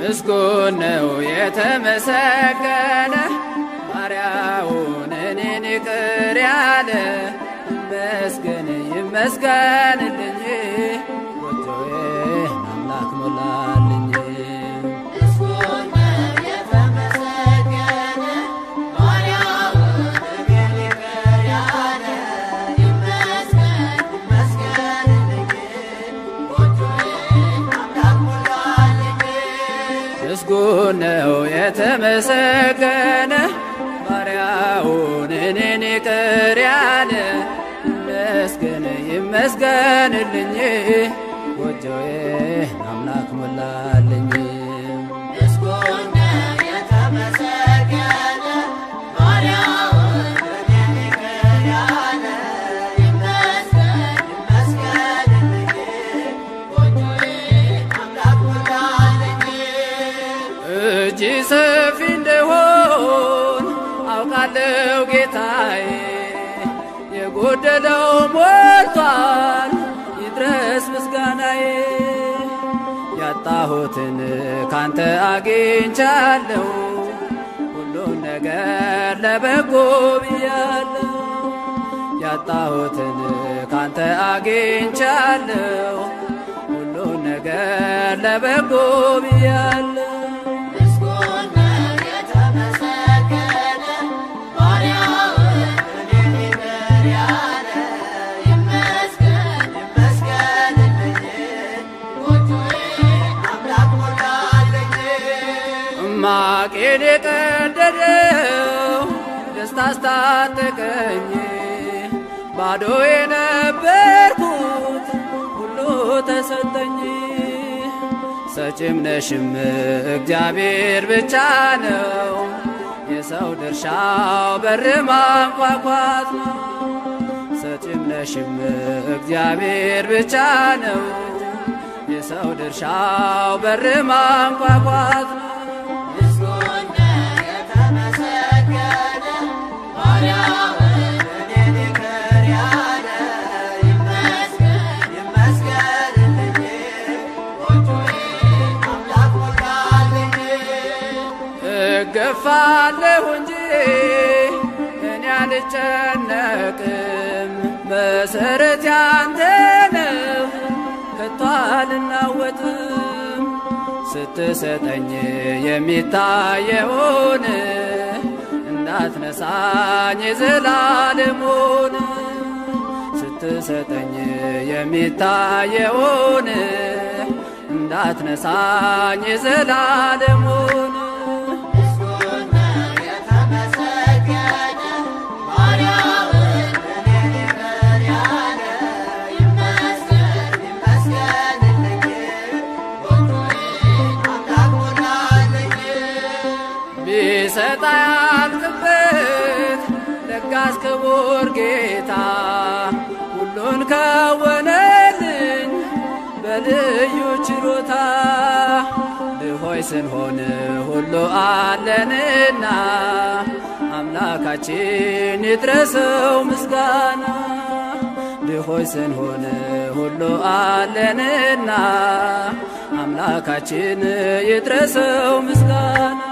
ምስጉን ነው የተመሰገነ ባሪያውን እኔን ይቅር ያለ ይመስገን ይመስገንልኝ ምስጉን ነው የተመሰገነ ባሪያውን እኔን ይቅር ያለ ይመስገን ይመስገንልኝ ጎጆዬ አምላክ ሞላልኝ። እጅ ሰፊ እንደሆን አውቃለሁ ጌታዬ፣ የጎደለው ሞልቷል ይድረስ ምስጋናዬ። ያጣሁትን ካንተ አግኝቻለሁ፣ ሁሉን ነገር ለበጎ ብያለሁ። ያጣሁትን ካንተ አግኝቻለሁ፣ ሁሉን ነገር ለበጎ ብያለሁ። ማቄን የቀደደው ደስታ አስታጠቀኝ። ባዶ የነበርኩት ሁሉ ተሰጠኝ። ሰጪም ነሽም እግዚአብሔር ብቻ ነው። የሰው ድርሻው በር ማንኳኳት ነው። ሰጪም ነሽም እግዚአብሔር ብቻ ነው። የሰው ድርሻው በር ማንኳኳት ነው። እለፋለሁ እንጂ እኔ አልጨነቅም። መሰረት ያንተ ነው ከቶ አልናወጥም። ስትሰጠኝ የሚታየውን እንዳትነሳኝ የዘላለሙን ስትሰጠኝ የሚታየውን እንዳትነሳኝ የዘላለሙን በጣልክበት ለጋስ ክቡር ጌታ ሁሉን ከወነልኝ በልዩ ችሎታ ድሆይ ስንሆን ሁሉ አለንና አምላካችን ይድረሰው ምስጋና ድሆይ ስንሆን ሁሉ አለንና አምላካችን ይድረሰው ምስጋና